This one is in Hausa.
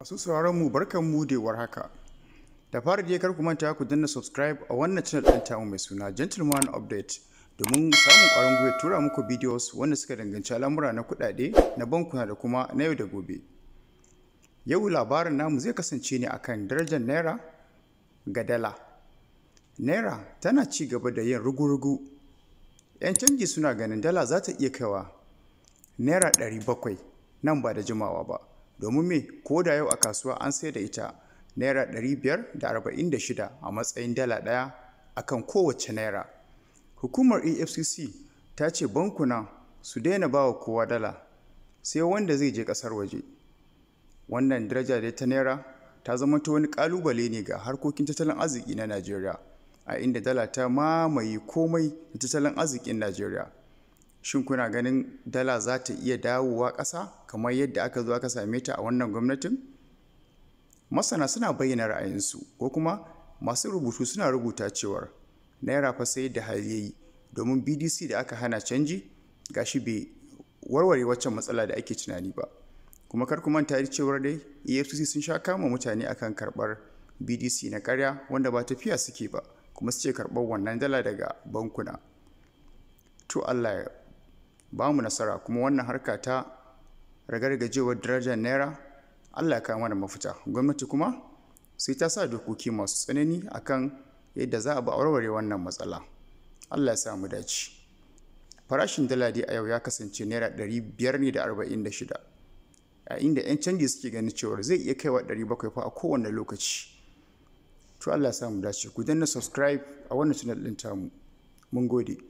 Masu sauraron mu barkan mu da war haka. Da fara dai kar ku manta ku danna subscribe a wannan channel ɗin tamu mai suna Gentleman Update domin samun ƙwarin gwiwa tura muku videos wanda suka danganci al'amura na kuɗaɗe na bankuna da kuma na yau da gobe. Yau labarin namu zai kasance ne akan darajar Naira ga dala. Naira tana ci gaba da yin rugu-rugu. 'Yan canji suna ganin dala za ta iya kaiwa Naira 700 nan ba da jimawa ba. domin me ko da yau a kasuwa an sai da ita naira 546 a matsayin dala daya a kan kowace naira hukumar efcc ta ce bankuna su daina ba wa kowa dala sai wanda zai je kasar waje wannan daraja da ta naira ta zama ta wani kalubale ne ga harkokin tattalin arziki na najeriya a inda dala ta mamaye komai na tattalin arzikin najeriya shin kuna ganin dala za ta iya dawowa ƙasa kamar yadda aka zo aka same ta a wannan gwamnatin masana suna bayyana ra'ayinsu ko kuma masu rubutu suna rubuta cewar naira fa sai da hali yayi domin bdc da aka hana canji gashi bai warware waccan matsala da ake tunani ba kuma kar ku manta cewar dai efcc sun sha kama mutane akan karɓar bdc na karya wanda ba tafiya suke ba kuma suke karɓar wannan dala daga bankuna to allah ya ba mu nasara kuma wannan harka ta ragargajewar darajar naira allah ya mana mafita gwamnati kuma sai ta sa dokoki masu tsanani akan yadda za a ba warware wannan matsala allah ya sa mu dace farashin dala dai a yau ya kasance naira 546 a inda 'yan canji suke ganin cewar zai iya kaiwa 700 fa a kowane lokaci to allah ya sa mu dace ku danna subscribe a wannan channel ɗin tamu mun gode